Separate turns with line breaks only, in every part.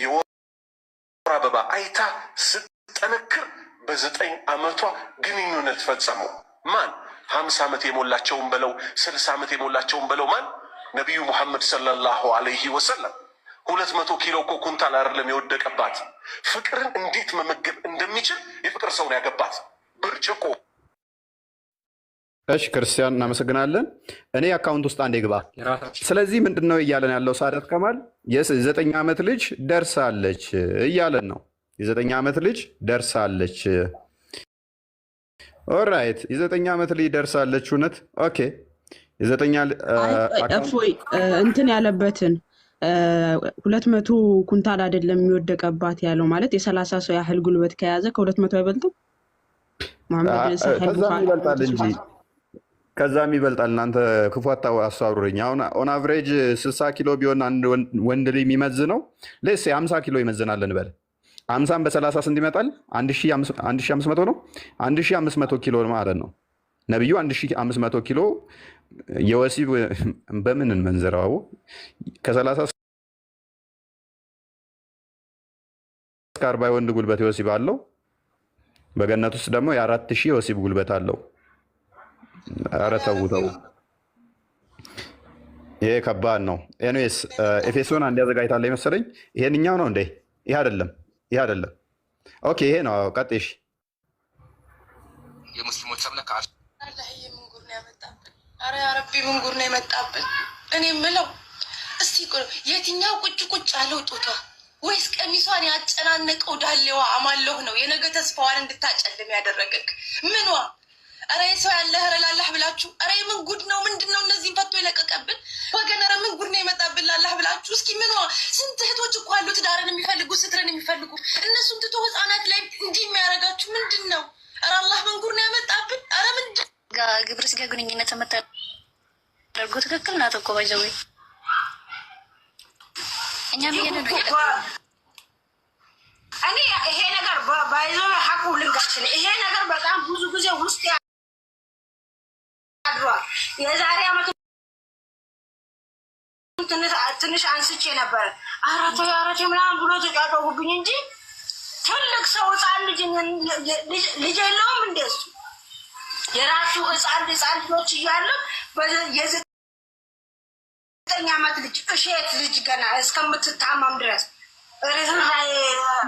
የወር አበባ አይታ ስጠነክር በዘጠኝ ዓመቷ ግንኙነት ፈጸሙ። ማን ሀምሳ ዓመት የሞላቸውን በለው ስልሳ ዓመት የሞላቸውን በለው ማን ነቢዩ ሙሐመድ ሰለላሁ አለይህ ወሰለም። ሁለት መቶ ኪሎ እኮ ኩንታል አይደለም የወደቀባት። ፍቅርን እንዴት መመገብ እንደሚችል የፍቅር ሰውን ያገባት ብርጭቆ
እሺ ክርስቲያን እናመሰግናለን። እኔ አካውንት ውስጥ አንዴ ግባ። ስለዚህ ምንድን ነው እያለን ያለው ሳደት ከማል የዘጠኝ ዓመት ልጅ ደርሳለች እያለን ነው። የዘጠኝ ዓመት ልጅ ደርሳለች። ኦራይት የዘጠኝ ዓመት ልጅ ደርሳለች። እውነት ኦኬ። የዘጠኝ
እንትን ያለበትን ሁለት መቶ ኩንታል አይደለም የሚወደቀባት ያለው ማለት የሰላሳ ሰው ያህል ጉልበት ከያዘ ከሁለት መቶ አይበልጥም። ማመድ
ይበልጣል እንጂ ከዛም ይበልጣል። እናንተ ክፉ አታሳብሩኝ። አሁን ኦን አቨሬጅ ስልሳ ኪሎ ቢሆን አንድ ወንድ ልጅ ነው። ሌስ ሀምሳ ኪሎ ይመዝናል እንበል። ሀምሳን በሰላሳ ስንት ይመጣል? አንድ ሺህ አምስት መቶ ነው። አንድ አምስት መቶ ኪሎ ማለት ነው። ነቢዩ አንድ አምስት መቶ ኪሎ የወሲብ በምን እንመንዝረው? ከሰላሳ እስከ አርባ ወንድ ጉልበት የወሲብ አለው። በገነት ውስጥ ደግሞ የአራት ሺህ የወሲብ ጉልበት አለው። ኧረ ተው ተው፣ ይሄ ከባድ ነው። ኤኒዌይስ ኤፌሶን አንድ ያዘጋጅታለ መሰለኝ። ይሄንኛው ነው እንዴ? ይሄ አይደለም፣ ይሄ አይደለም። ኦኬ፣ ይሄ ነው። ቀጥሽ
የሙስሊሞች አምላክ
አረ ያረቢ፣ ምን ጉድ ነው የመጣብን? እኔ ምለው እስቲ የትኛው ቁጭ ቁጭ አለው ጡቷ ወይስ ቀሚሷን ያጨናነቀው ዳሌዋ አማለሁ ነው የነገ ተስፋዋን እንድታጨልም ያደረገክ ምንዋ ረ ሰው ያለ ረላላህ ብላችሁ ረ ምን ጉድ ነው? ምንድን ነው እነዚህን ፈቶ የለቀቀብን ወገን፣ ረ ምን ጉድ ነው የመጣብን ላላህ ብላችሁ እስኪ ምን ስንት እህቶች እኮ አሉ ትዳርን የሚፈልጉ ስትርን የሚፈልጉ እነሱም ትቶ ህፃናት ላይ እንዲህ የሚያደርጋችሁ ምንድን ነው? ረ አላህ ምን ጉድ ነው ያመጣብን? ረ ምንድን
ግብረ ስጋ ግንኙነት የምታደርጉ ትክክል ናት እኮ
እኛም እኛ እኔ ይሄ ነገር ባይዞ ሀቁ ልንጋችን ይሄ ነገር በጣም ብዙ ጊዜ ውስጥ ተናግሯል። የዛሬ ዓመት ትንሽ አንስቼ ነበር ምናምን ብሎ ተጫጫሁብኝ እንጂ ትልቅ ሰው ህፃን ልጅ የለውም እንደሱ የራሱ ህፃን ህፃን ልጆች እያሉ የዘጠኝ ልጅ እሸት ልጅ ገና እስከምትታመም ድረስ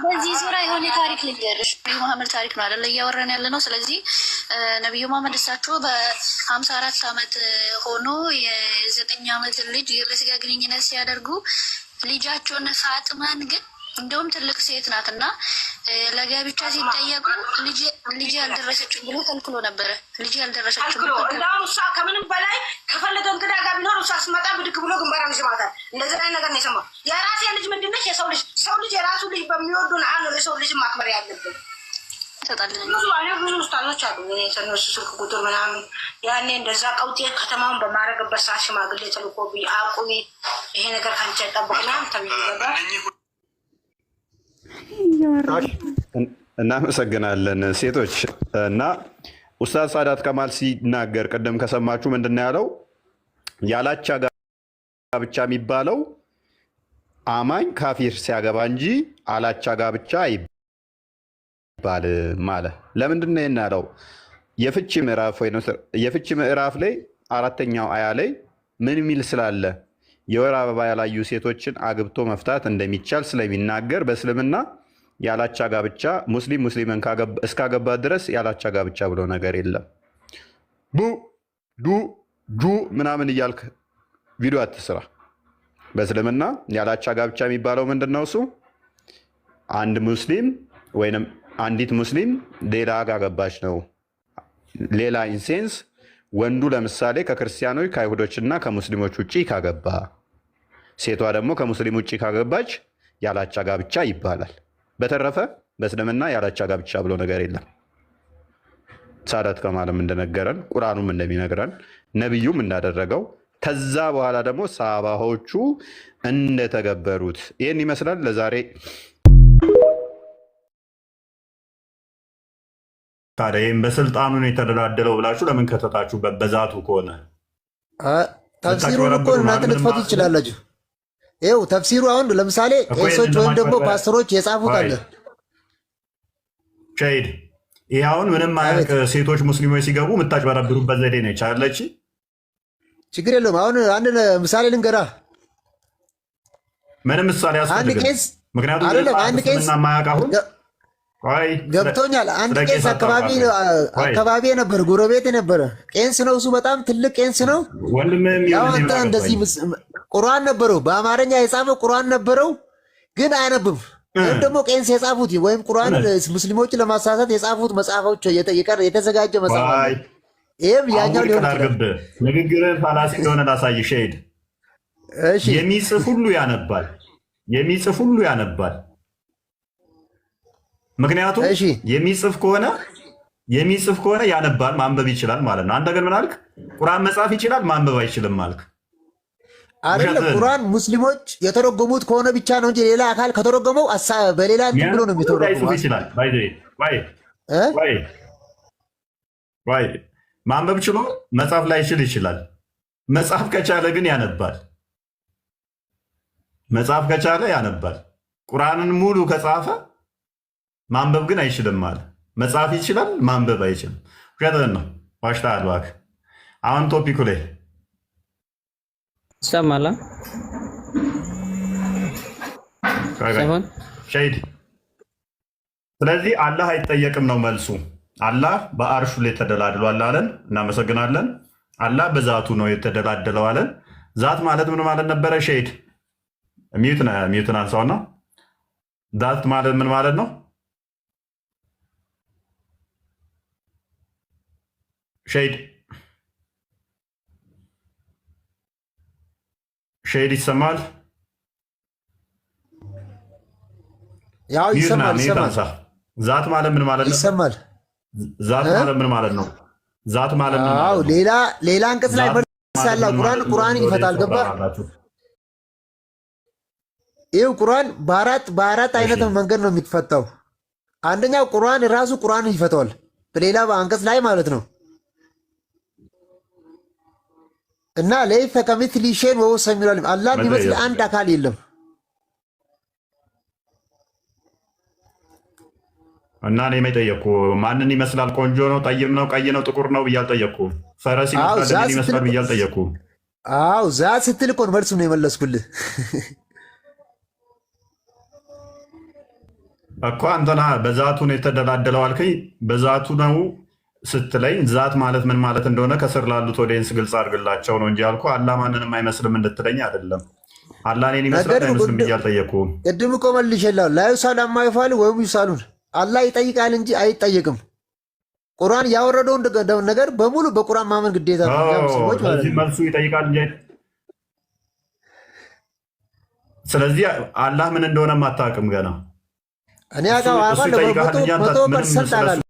በዚህ ዙሪያ የሆነ ታሪክ ልንገርሽ። ነቢዩ መሐመድ ታሪክ ነው አይደለ እያወረን ያለ ነው። ስለዚህ ነቢዩ መሐመድ እሳቸው በሀምሳ አራት አመት ሆኖ የዘጠኝ አመት ልጅ የበስጋ ግንኙነት ሲያደርጉ ልጃቸውን ፋጥመን ግን እንደውም ትልቅ ሴት ናት እና ለጋብቻ ሲጠየቁ ልጅ ያልደረሰችው ብሎ ከልክሎ ነበረ። ልጅ ያልደረሰችው
እንደውም እሷ ከምንም በላይ ከፈለገ እንግዳ ጋር ቢኖር እሷ ስመጣ ብድግ ብሎ ግንባራ ይስማታል። እንደዚህ ላይ ነገር ነው የሰማው ከነሱ ስልክ ቁጥር ምናምን ያኔ እንደዛ ቀውጤ ከተማውን በማድረግበት ሰዓት ሽማግሌ ተልኮብኝ አቁሚ፣ ይሄ ነገር ከአንቺ አይጠበቅም ተብዬ
እናመሰግናለን ሴቶች እና ኡስታዝ ሳዳት ከማል ሲናገር ቅድም ከሰማችሁ ምንድን ነው ያለው? ያላቻ ጋብቻ የሚባለው አማኝ ካፊር ሲያገባ እንጂ አላቻ ጋብቻ ይባል ማለ። ለምንድን ነው ያለው? የፍቺ ምዕራፍ ወይ የፍቺ ምዕራፍ ላይ አራተኛው አያ ላይ ምን የሚል ስላለ የወር አበባ ያላዩ ሴቶችን አግብቶ መፍታት እንደሚቻል ስለሚናገር በእስልምና ያላቻ ጋብቻ ሙስሊም ሙስሊምን እስካገባ ድረስ ያላቻ ጋብቻ ብሎ ነገር የለም። ቡ ዱ ጁ ምናምን እያልክ ቪዲዮ አትስራ። በእስልምና ያላቻ ጋብቻ የሚባለው ምንድን ነው? እሱ አንድ ሙስሊም ወይም አንዲት ሙስሊም ሌላ ጋር ገባች ነው። ሌላ ኢንሴንስ ወንዱ ለምሳሌ ከክርስቲያኖች ከአይሁዶችና ከሙስሊሞች ውጭ ካገባ፣ ሴቷ ደግሞ ከሙስሊም ውጭ ካገባች ያላቻ ጋብቻ ይባላል። በተረፈ በእስልምና ያላቻ ጋብቻ ብሎ ነገር የለም። ሳዳት ከማለም እንደነገረን ቁርአኑም እንደሚነግረን ነቢዩም እንዳደረገው ከዛ በኋላ ደግሞ ሳባዎቹ እንደተገበሩት ይህን ይመስላል ለዛሬ
ታዲያ ይህም በስልጣኑን የተደላደለው ብላችሁ ለምን ከተታችሁበት? በዛቱ ከሆነ
ተፍሲሩን እኮ እናንተ ልትፈቱ ትችላላችሁ። ይኸው ተፍሲሩ አሁን ለምሳሌ ቄሶች ወይም ደግሞ ፓስተሮች የጻፉት አለ
ሸሂድ። ይህ አሁን ምንም አያውቅ ሴቶች ሙስሊሞች ሲገቡ የምታጭበረብሩበት ዘዴ ነች ይቻለች
ችግር የለውም። አሁን አንድ ምሳሌ ልንገራ። ምንም ምሳሌ ያስፈልግ ምክንያቱም አንድ ቄስ ገብቶኛል። አንድ ቄስ አካባቢ አካባቢ የነበረ ጎረቤት የነበረ ቄንስ ነው። እሱ በጣም ትልቅ ቄንስ ነው። አንተ እንደዚህ ቁርአን ነበረው፣ በአማርኛ የጻፈው ቁርአን ነበረው፣ ግን አያነብም። ወይም ደግሞ ቄንስ የጻፉት ወይም ቁርአን ሙስሊሞች ለማሳሳት የጻፉት መጽሐፎች የተዘጋጀ መጽሐፍ
ይህም ያኛው ሊሆን ይችላል። ንግግርህ ፋላሲ እንደሆነ ላሳይ ሸሄድ የሚጽፍ ሁሉ ያነባል፣ የሚጽፍ ሁሉ ያነባል ምክንያቱም የሚጽፍ ከሆነ የሚጽፍ ከሆነ ያነባል ማንበብ ይችላል ማለት ነው። አንተ ግን ምን አልክ? ቁርአን መጻፍ ይችላል ማንበብ አይችልም አልክ
አይደለም። ቁርአን ሙስሊሞች የተረጎሙት ከሆነ ብቻ ነው እንጂ ሌላ አካል ከተረጎመው በሌላ እንትን ብሎ ነው የሚተረጎመው።
ይችላል ማንበብ ችሎ መጻፍ ላይችል ይችላል። መጻፍ ከቻለ ግን ያነባል። መጻፍ ከቻለ ያነባል። ቁርአንን ሙሉ ከጻፈ ማንበብ ግን አይችልም አለ። መጽሐፍ ይችላል፣ ማንበብ አይችልም። ውሸትህን ነው፣ ዋሽታ እባክህ። አሁን ቶፒኩ ላይ ይሰማል። ሸሂድ ስለዚህ አላህ አይጠየቅም ነው መልሱ። አላህ በአርሹ ላይ ተደላድሏል አለን፣ እናመሰግናለን። አላህ በዛቱ ነው የተደላደለው አለን። ዛት ማለት ምን ማለት ነበረ? ሸሂድ ሚዩትን አንሳውና ዛት ማለት ምን ማለት ነው? ሼድ ሼድ ይሰማል?
ያው ይሰማል
ዛት ማለት ምን ማለት ነው? ይሰማል። ዛት ማለት ምን ማለት ነው? ዛት ማለት ምን ማለት
ነው? ሌላ ሌላ አንቀጽ ላይ በርሳላ ቁርአን ቁርአን ይፈታል። ገባ? ይኸው ቁርአን በአራት በአራት አይነት መንገድ ነው የሚፈታው። አንደኛው ቁርአን ራሱ ቁርአን ይፈታዋል፣ በሌላ አንቀጽ ላይ ማለት ነው እና ለይፈ ከሚትሊ ሸይን ወሁወ ሰሚዑል ዓሊም አላህ የሚመስል አንድ አካል የለም።
እና እኔም የጠየኩ ማንን ይመስላል? ቆንጆ ነው፣ ጠይም ነው፣ ቀይ ነው፣ ጥቁር ነው ብዬ አልጠየኩ። ፈረስ ይመስላል ይመስላል ብዬ አልጠየኩ።
አዎ ዛ ስትል እኮ መልሱ ነው የመለስኩልህ
እኮ አንተና በዛቱ ነው የተደላደለው አልከኝ። በዛቱ ነው ስትለኝ ዛት ማለት ምን ማለት እንደሆነ ከስር ላሉት ኦዲየንስ ግልጽ አድርግላቸው ነው እንጂ ያልኩህ አላ ማንንም አይመስልም እንድትለኝ አይደለም። አላህ እኔን ይመስላል አይመስልም ብዬ አልጠየኩህም።
ቅድም እኮ መልሼልሃለሁ። ላዩሳል አማይፋል ወይም ይሳሉን አላ ይጠይቃል እንጂ አይጠይቅም። ቁርአን ያወረደውን ነገር በሙሉ በቁርአን ማመን ግዴታ
ሰዎች ማለት መልሱ ይጠይቃል እንጂ ስለዚህ አላህ ምን እንደሆነ አታውቅም ገና እኔ ያው አባ ለመቶ ፐርሰንት